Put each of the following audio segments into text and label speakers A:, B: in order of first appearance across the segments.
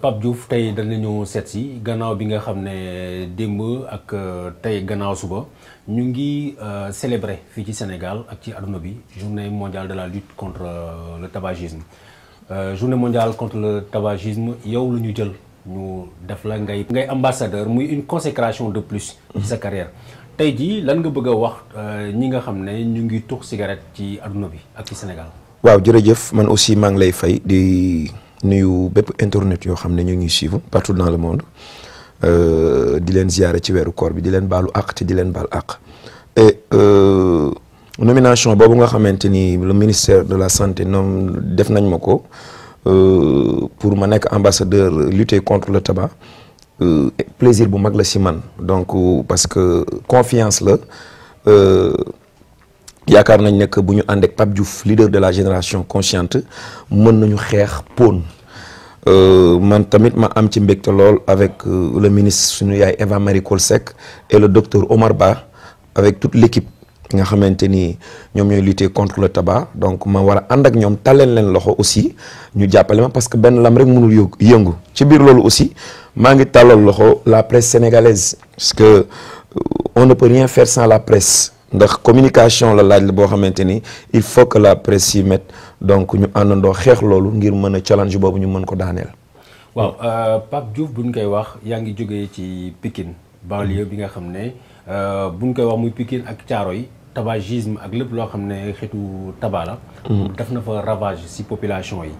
A: Pape Diouf dans le seet si gannaaw bi nga xam et démb ak euh, tey gannaaw suba ñu ngi euh, célébrer Sénégal ak ci journée mondiale de la lutte contre euh, le tabagisme journée mondiale contre le tabagisme yow la ñu jël ñu def la ngay ngay ambassadeur muy une consécration de plus ci sa carrière tey jii lan nga bëgg a wax euh, ñi nga xam ne ñu ngi tux cigarette ci adduna bi ak ci Sénégal
B: waaw jërëjëf man aussi maa ngi lay fay di nuyu bépp internet yoo xam ne ñu ngi suivre partout dans le monde euh, di leen ziare ci weeru koor bi di leen baalu àq te di leen baal àq et euh, nomination boobu nga xamante ni le ministère de la santé noom def nañ ma ko Euh, pour ma ambassadeur lutter contre le tabac euh, plaisir pour mag la moi, euh, parce que confiance la il y a bu ñu ànd ak Pape Diouf leader de la génération consciente mën nañu Pone, pon man tamit ma am ci avec le ministre Eva Marie Kolsek et le docteur Omar Ba avec toute l'équipe nga xamanteni ni ñoy lutter contre le tabac donc ma war and ak ñom talen len loxo aussi ñu jàppale ma parce que ben lam rek mënul yëngu ci bir lolu aussi ma ngi talal loxo la presse sénégalaise parce que euh, on ne peut rien faire sans la presse ndax communication la laaj bo xamanteni il faut que la presse y mette donc ñu andando xex lolu ngir mëna challenge bobu ñu mën ko daaneel.
A: waaw euh, Pape Diouf buñ koy wax ya ngi joggé ci Pikine banlieue bi nga xamné euh buñ koy wax muy Pikine ak tabagisme ak lepp lo xamné xétu xeetu tabac la. Hmm. def na fa ravage ci population yi.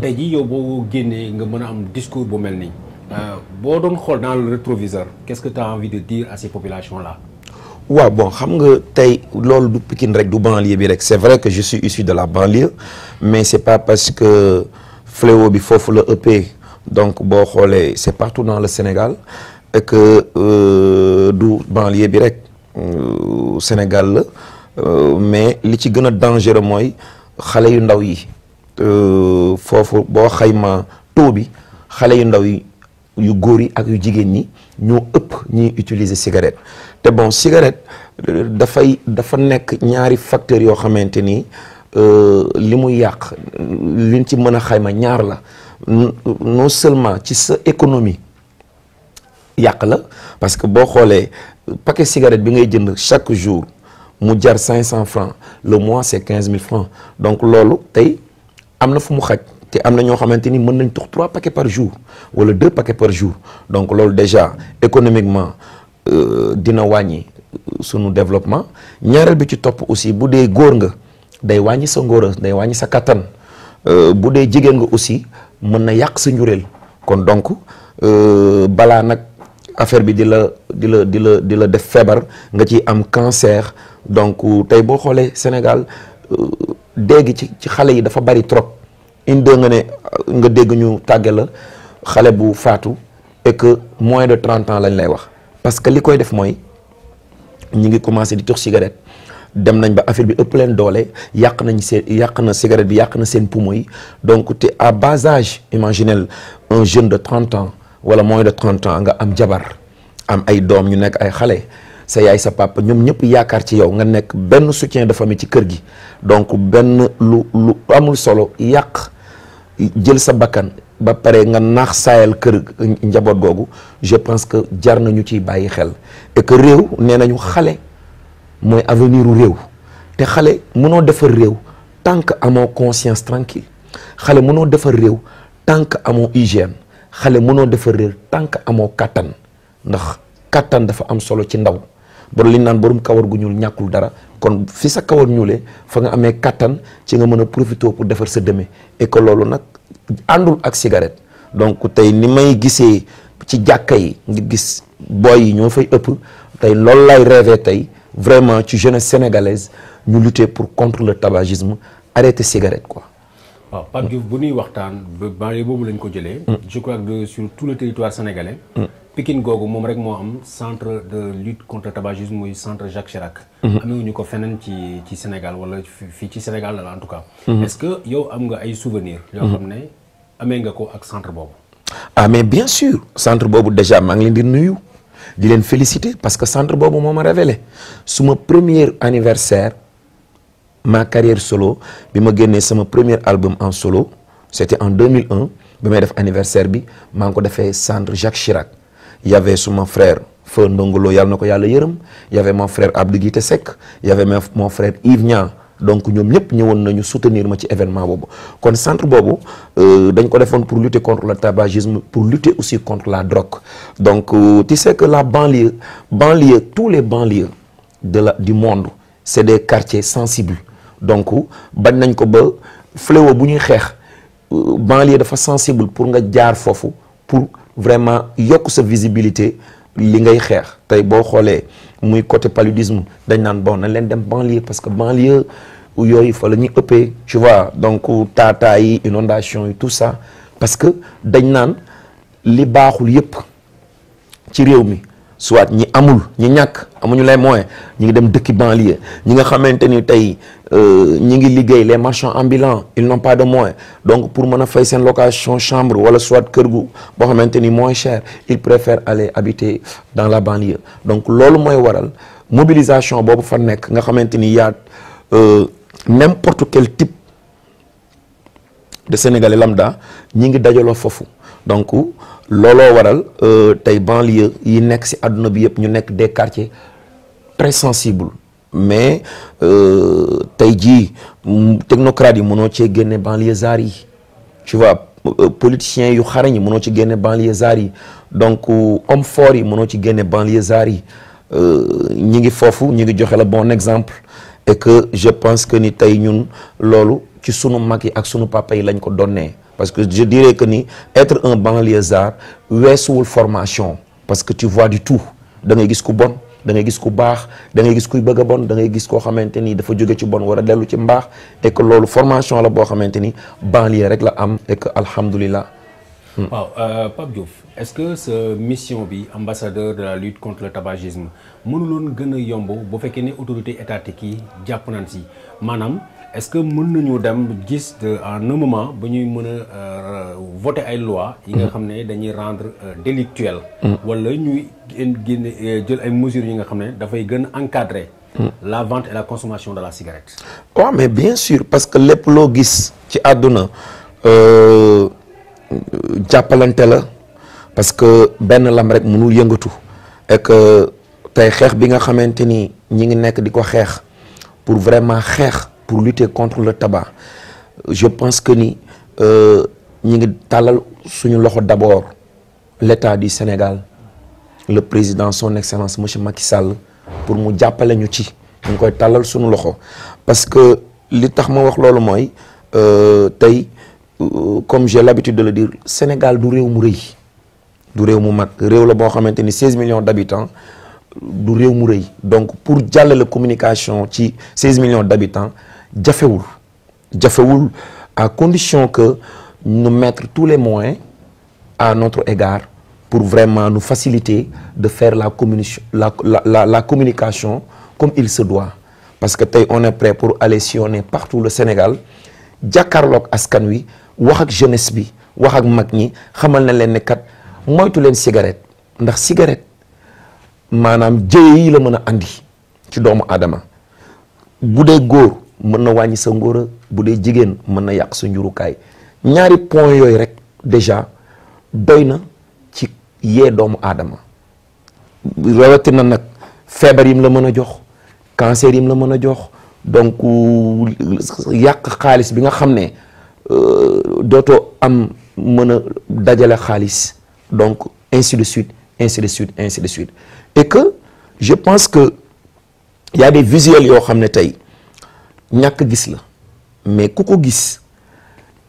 A: tay ji yow bo génnee nga mëna am discours bu melni euh, dans le rétroviseur qu'est-ce que tu as envie de dire à ces populations là.
B: waaw ouais, bon xam nga tay loolu du Pikine rek du banlieue bi rek c'est vrai que je suis issu de la banlieue mais c'est pas parce que fléau bi fofu le EP donc bo xolé c'est partout dans le Sénégal et que euh, du banlieue bi rek. Euh, au Sénégal euh, mais li ci dangereux moy xalé yu ndaw yi euh, fofu bo xayma taux bi utiliser cigarette té bon cigarette da fa nek ñaari facteurs yo xamanteni euh limu yaq ci mëna xayma ñaar la non seulement ci économie parce que bo paquet cigarette bi ngay jënd chaque jour mu jar 500 francs le mois c'est 15 000 francs donc loolu tey am na xaj te am na ñoo xamante nañ 3 paquets par jour wala 2 paquets par jour donc lolo déjà économiquement euh, dina sur euh, sunu développement ñaaral bi ci top aussi bu dé gor nga day wañi sa ngóora day wañi sa euh bu dé jigen nga aussi mën na yàq sa njureel kon donc euh, bala nag affaire bi di la di la di la di la def feebar nga ci am cancer donc euh, tay bo xolé Sénégal euh, dégg ci ci xalé yi dafa bari trop inde nga né euh, nga dégg ñu tàgge la xalé bu fatou et que moins de 30 ans lañ lay wax parce que likoy def moy ñi ngi commencé di tux cigarette dem nañ ba affaire bi ëpp leen doole yak nañ yak na cigarette bi yak na sen poumon donc té à bas âge imaginez un jeune de 30 ans wala moins de 30 ans nga am jabar am ay dom ñu nek ay xalé sa yaay sa papa ñom ñep ci yow nga nek ben soutien de famille ci kër gi donc lu lu amul solo yak. jël sa ba paré nga nax kër je pense que jar nañu ci bayyi xel et que rew nenañu avenir rew té te mëno rew tant que conscience tranquille xalé mëno rew tant que mon hygiène xale mënoo defar réer tant que amoo kàttan ndax kàttan dafa am solo ci ndaw borom li ñu naan borom kawar gu ñuul ñàkkul dara kon fi sa kawar ñuule fa nga amee kàttan ci nga mën a profité pour defar sa deme et loolu nag àndul ak cigarette donc tey ni may gisee ci jàkka yi nga gis boy yi ñoo fay ëpp tey loolu lay rêvé tey vraiment ci jeunesse sénégalaise ñu lutter pour contre le tabagisme arrêter cigarette quoi
A: Par mm. je crois que sur tout le territoire sénégalais. Mm. Pikine Gogo, mon rek centre de lutte contre le tabagisme ou centre Jacques Chirac. Nous mm-hmm. ko feneen ci ci Sénégal wala Sénégal en tout cas. Mm-hmm. est-ce que yow am nga ay souvenirs. yoo xam mm-hmm. ne amee nga ko ak centre Bob
B: ah mais bien sûr centre Bobo, déjà ma ngi leen di nuyu féliciter parce que centre Bobo, ma révélé mon premier anniversaire ma carrière solo me suis mon mon premier album en solo c'était en 2001 J'ai fait def anniversaire bi fait centre Jacques Chirac Il y avait mon frère Feu Ndongolo Il y avait mon frère Abdou Guité Il y avait mon frère Yves donc nous, avons soutenu nañu soutenir ma ci événement Donc, kon centre c'est euh, dañ ko pour lutter contre le tabagisme pour lutter aussi contre la drogue donc euh, tu sais que la banlieue banlieue tous les banlieues du monde c'est des quartiers sensibles donc bañ nañ ko ba fléau bu ñuy xeex euh, banlieue dafa sensible pour nga jaar fofu, pour vraiment yokk sa visibilité li ngay xex tay bo xolé muy côté paludisme dañ naan bon nañ len dem banlieue parce que banlieue yoy fa la ñuy ëppee tu vois donc taataa yi inondation et tout ça parce que dañ naan li baxul yépp ci réew mi soit ñi amul ñi ñak amuñu les moyens ñi ngi dem dëkki banlieue ñi nga xamanteni ni tey euh, ñi ngi liggéey les marchands ambulants ils n'ont pas de moyens donc pour mën fay sen location chambre wala soit kër gu boo xamante moins cher ils préfèrent aller habiter dans la banlieue donc loolu moy waral mobilisation bobu fa nek nga xamanteni ni euh n'importe quel type de sénégalais lambda ñi ngi dajalo fofu donc lolo waral euh, tay banlieue yi nek ci aduna bi yep ñu nek des quartiers très sensibles mais euh, tay ji mm, technocrate yi mëno ci banlieue zari tu vois euh, politiciens yu xarañ mëno ci génne banlieue zari donc homme fort yi mëno ci génne banlieusards ñi ngi fofu ñi ngi joxe bon exemple et que je pense que ni tay ñun lolu ci sunu mag yi ak sunu papa yi lañ ko donné parce que je dirais que ni être un banlieusard une formation parce que tu vois du tout da ngay gis ku bon da ngay gis ku baax da ngay gis kuy bëgg a bon da ngay gis koo tu ni ce jóge bon war a dellu ci mbaax et que cette formation la bonne xamante ni banlieue rek la am et que alhamdulilah. Hmm.
A: Euh, Pape Diouf est-ce que ce mission bi ambassadeur de la lutte contre le tabagisme mënuloon gën a yomb bu fekkee ne autorité étatique yi jàpp nañ si est-ce que nous en un moment ba ñuy euh, voter loi yi nga mm-hmm. rendre euh, délictuel ou mm-hmm. euh, mesures encadrer mm-hmm. la vente et la consommation de la cigarette
B: Oui, mais bien sûr parce que les qui gis ci peu la parce que ben lam rek mënul yëngatu et que bi nga ñi ngi pour vraiment pour lutter contre le tabac je pense que nous... ni euh, d'abord l'état du Sénégal le président son excellence monsieur Macky Sall pour nous jàppale à nous ñu koy parce que li tax ma wax euh, euh, comme j'ai l'habitude de le dire le Sénégal du pas mu pays. du n'est mu un pays. 16 millions d'habitants du pas mu donc pour la communication ci 16 millions d'habitants Djafeoul à condition que nous mettre tous les moyens à notre égard pour vraiment nous faciliter de faire la, communication comme il se doit. Parce que on est prêt pour aller sillonner partout le Sénégal. Diakarlok Ascanui, Wahak Jeunesse Wahak Magni, Khamal Nalen Kat, moi tout les cigarettes. Ndax cigarette, manam djeyi le mena andi, tu dormes Adama. Boudé mën wañi sa ngóora budé jigen jigéen yak sa njuru kay ñaari point yoy rek déjà doyna ci yé doomu aadama rawatina nag feebar yim la mën jox cancer yim la mën jox donc yak xaalis bi nga xamné euh doto am mën dajalé dajale donc ainsi de suite ainsi de suite ainsi de suite et que je pense que il y a des visuels yo xamné tay ñak gis la mais kuko gis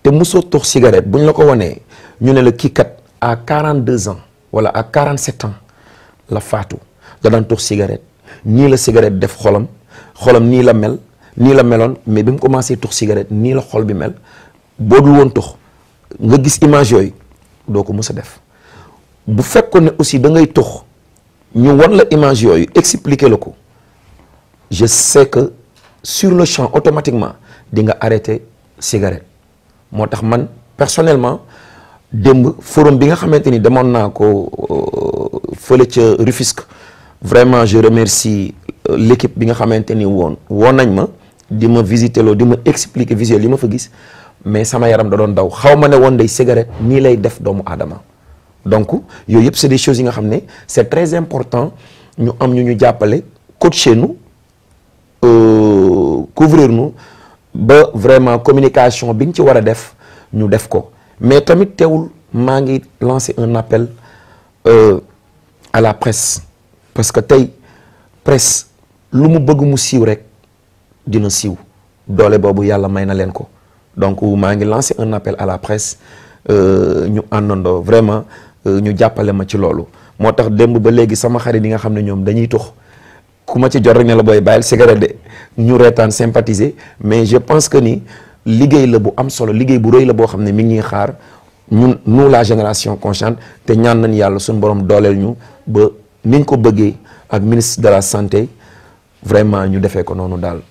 B: te mosoo tox cigarette buñ la ko woné ñu né la kii kat à 42 ans wala à 47 ans la fatou da dan tox cigarette ni la cigarette def xolam xolam ni la mel ni la melone mais bi commencé tox cigarette ni la xol bi mel boo dul tox nga gis image yoy doo ko mës def bu fekkone aussi da ngay tox ñu won la image yoy expliquer la ko je sais que sur le champ automatiquement di nga arrêté cigarette moo man personnellement démb forum bi nga xamante ni demoon naa ko euh, fële Rufisque vraiment je remercie euh, l'équipe bi nga xamante ni woon woon nañ ma di ma visiter loo di ma expliquer visuel yi ma fa gis mais sama yaram da doon daw xaw ma ne woon day cigarette ni lay def doomu aadama donc yooyu yëpp c'est des choses yi nga xam c'est très important ñu am ñu ñu jàppale coacher nous couvrir nous, ba vraiment communication biñ ci wara def ñu def ko mais tamit téwul m'a ngi lancer un appel euh, à la presse parce que tey presse lu mu bëgg mu siiw rek dina siiw doole bobu yalla mayna len ko donc m'a ngi lancer un appel à la presse euh, ñu àndandoo vraiment euh, ñu jappalé ma ci lolu motax demb ba légui sama xarit yi nga xamné ñom dañuy ku ma ci jot rek ne la booy cigarette de ñu rétane sympathiser mais je pense que ni liguey le bu am solo liguey bu reuy le bo xamné mi ngi xaar ñun nous la génération consciente té ñaan nañ Yalla suñu borom dolel ñu ba niñ ko bëggé ak ministre de la santé vraiment ñu défé ko nonu dal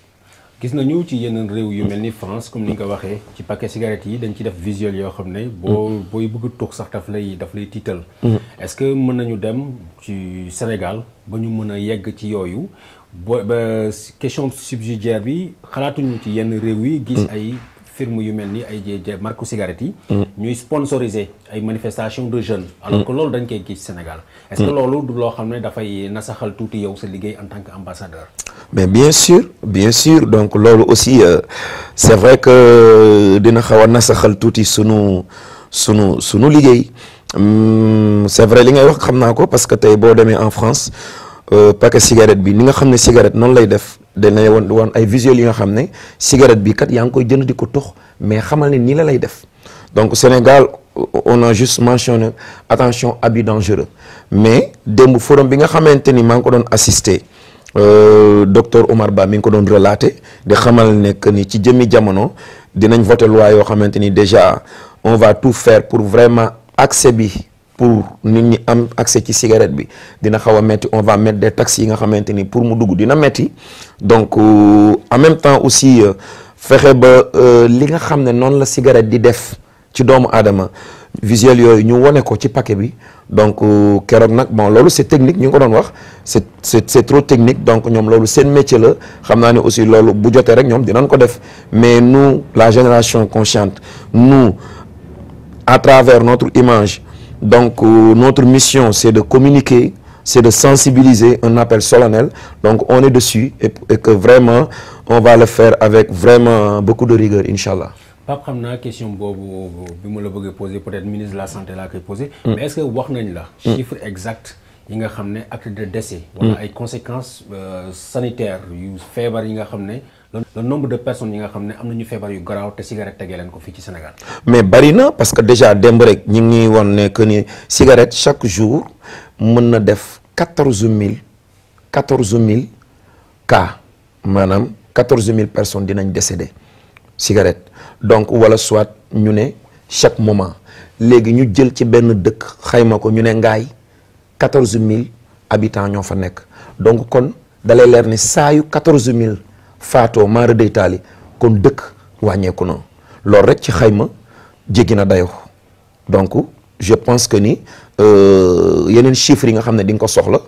A: gis nañu ci yeneen réew yu mel ni France comme ni nga ko waxee ci paquet cigarette yi dañ ci def visuel yoo xam ne. boo booy bëgg a toog sax daf lay daf lay tiital. Mm-hmm. est-ce que mën nañu dem ci Sénégal ba ñu mën a yegg ci yooyu boo ba question subsidiaire bi xalaatuñu ci yenn réew yi. gis mm. ay firme yu mel ni ay jee marque cigarette yi mm. ñuy sponsoriser ay manifestations de jeunes alors que loolu dañ koy gis Sénégal est-ce que mm. loolu du loo xam ne dafay nasaxal tuuti yow sa liggéey en tant que ambassadeur
B: mais bien sûr bien sûr donc loolu aussi euh, c'est vrai que euh, dina xaw a nasaxal tuuti sunu sunu sunu liggéey hmm, c'est vrai li ngay wax xam naa ko parce que tey boo demee en France euh, paquet cigarette bi ni nga xam ne cigarette noonu lay def dana won woon ay visuels yi nga xamné cigarette bi kat yang koy jënd di ko mais xamal ne nii la lay def donc Sénégal on a juste mentionné attention abus dangereux mais dem forum bi nga xamante ni ko don assister euh docteur Omar Ba mi ko don relater de xamal ne que ni ci jëmi jamono dinañ voter loi yo xamante déjà on va tout faire pour vraiment accès bi pour nit ñi am accès ci cigarette bi dina xawa metti on va mettre des taxes yi nga xamanteni ni pour mu dugg dina metti donc euh, en même temps aussi euh, fexé ba euh, li nga xamné non la cigarette di def ci doomu adama visuel yoy ñu woné ko ci paquet bi donc keroog nak bon lolu c'est technique ñu ko don wax c'est c'est trop technique donc ñom lolu seen métier la xamna naa aussi lolu bu jotee rek ñom dinañ ko def mais nous la génération consciente nous à travers notre image donc, euh, notre mission, c'est de communiquer, c'est de sensibiliser un appel solennel. Donc, on est dessus et, que vraiment, on va le faire avec vraiment beaucoup de rigueur, Inch'Allah.
A: Pape de question que bi voulais poser peut-être le ministre de la santé l'a posé, poser. Mm. mais est-ce que vous avez la. Mm. chiffre exact yi nga acte de décès. wala mm. conséquences euh, sanitaires yu yi le nombre de personnes qui ont fait des cigarettes cigarette
B: Sénégal. mais Barina, parce que déjà démb rek cigarette chaque jour Nous def 000 cas madame quatorze personnes dinañ décédé cigarette donc soit chaque moment les ñu jël ci habitants donc kon dalay Fato maara day taali kon dëkk wàññeeku na lool rek ci xayma jéggi dayo donc je pense que ni euh, yenen chiffres yi nga xamné ding ko soxla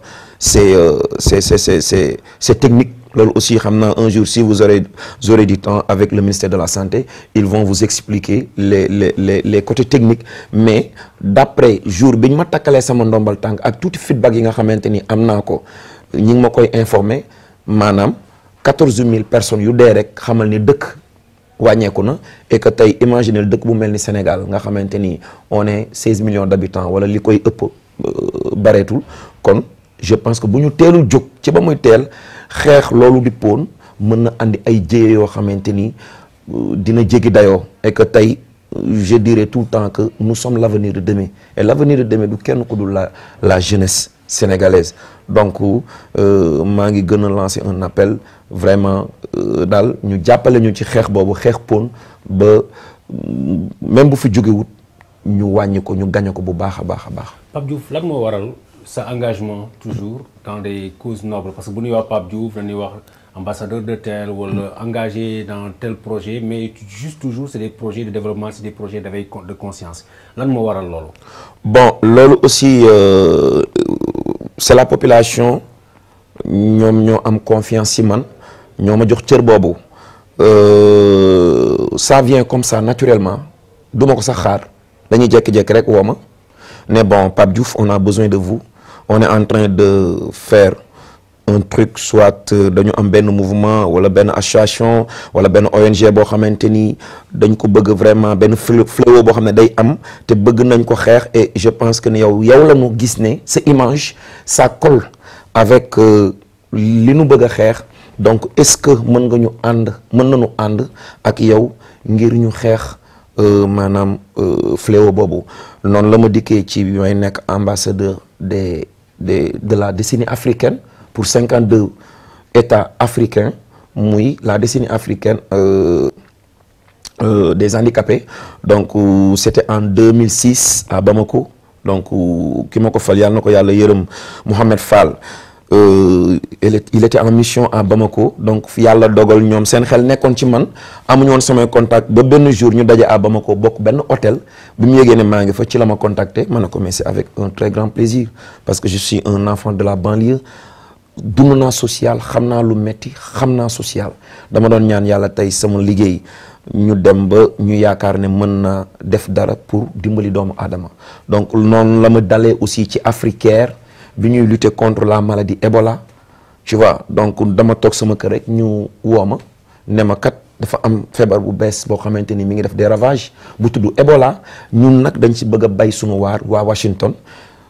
B: euh, c'est c'est c'est c'est c'est technique lool aussi xamna un jour si vous aurez vous aurez du temps avec le ministère de la santé ils vont vous expliquer les les les les côtés techniques mais d'après jour biñ ma takalé sama ndombal tank ak tout feedback yi nga xamanteni amna ko ñing ma koy informer manam 14 000 personnes qui ont été en train de se faire. Et que imaginez le pays du Sénégal, on est 16 millions d'habitants, voilà ce qui est le plus Donc, je pense que si nous avons été en train de se faire, nous avons été en train de se faire. Mena andi aïe yo khamenteni euh, dina djegi dayo et que taï euh, je dirais tout le temps que nous sommes l'avenir de demain et l'avenir de demain du kenoukoudou la jeunesse sénégalaise donc je je vais lancer un appel vraiment euh, dans ñu appeler, nous ci bobo, boobu xeex pon ba mm, même bu fi wut ñu wàññi ko ñu gagné ko bu baax a baax
A: Pape Diouf lan mo waral sa engagement toujours dans des causes nobles parce que bu ñuy wax Pape Diouf dañuy wax ambassadeur de tel ou engagé dans tel projet mais juste toujours c'est des projets de développement c'est des projets d'éveil de conscience
B: lan mo waral lolu bon lolu aussi euh, c'est la population ñom ñoo am confiance ci man ñoma jox cër euh ça vient comme ça naturellement Nous ko sax xaar dañuy jek jek rek Mais bon Pape on a besoin de vous on est en train de faire un truc soit euh, dañu am ben mouvement wala association wala ben ONG bo xamanteni dañ ko bëgg vraiment ben fléau bo xamné day bëgg et je pense que yow yow image ça colle avec euh, li nous bëgg donc est-ce que nous nga ñu ak yow ngir ñu euh, fléau non la ma ci may ambassadeur de la décennie africaine pour 52 États africains, la décennie africaine euh, euh, des handicapés. Donc, euh, c'était en 2006 à Bamako. Donc, Mohamed Fall. il était en mission à Bamako donc yàlla dogal contact à Bamako hôtel contacté avec un très grand plaisir parce que je suis un enfant de la banlieue dund naa sociale xam naa lu metti xam naa social dama doon ñaan yàlla tey sama liggéey ñu dem ba ñu yaakaar ne mën na def dara pour dimbali doomu aadama donc noonu la ma dalee aussi ci Africaire bi ñuy lutter contre la maladie Ebola tu vois donc dama toog sama kër rek ñu woo ma ne ma kat dafa am feebar bu bees boo xamante ni mi ngi def des ravages bu tudd Ebola ñun nag dañ si bëgg a bay suñu waar waa Washington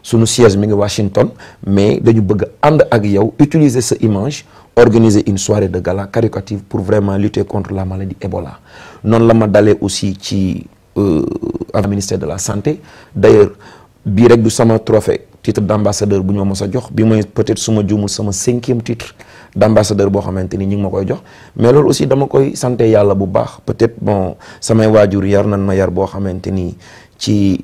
B: Sous siège de Washington mais dañu bëgg ànd ak yow utiliser cette image organiser une soirée de gala caricative pour vraiment lutter contre la maladie Ebola Nous la ma dalee aussi ci euh, ak ministère de la santé d'ailleurs bii rek du sama trophée titre d'ambassadeur bu ñu ma peut-être que ma juumul sama cinquième titre d'ambassadeur bo xamanteni ñing jox mais lool aussi dama koy santé yalla bu baax peut-être bon samay wajur yar nañ ma yar bo xamanteni ci.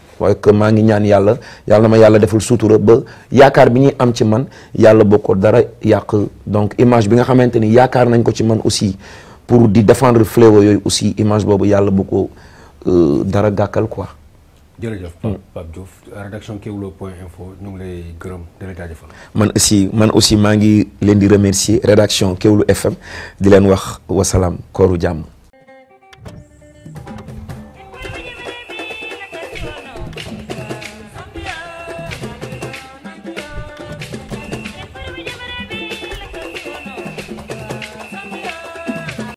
B: waaye que maa ngi ñaan yàlla yàlla ma yàlla defal sutura ba yaakaar bi ñuy am ci man yàlla boo ko dara yàq donc image bi nga xamante ni yaakaar nañ ko ci man aussi pour di défendre fléau yooyu aussi image boobu yàlla bu ko euh, dara gàkkal quoi. jërëjëf Pape hmm.
A: Pape Diouf rédaction Kéwoulo point info ñu ngi lay
B: man aussi man aussi maa ngi leen di remercier rédaction Kéwoulo FM di leen wax wasalaam kooru jàmm.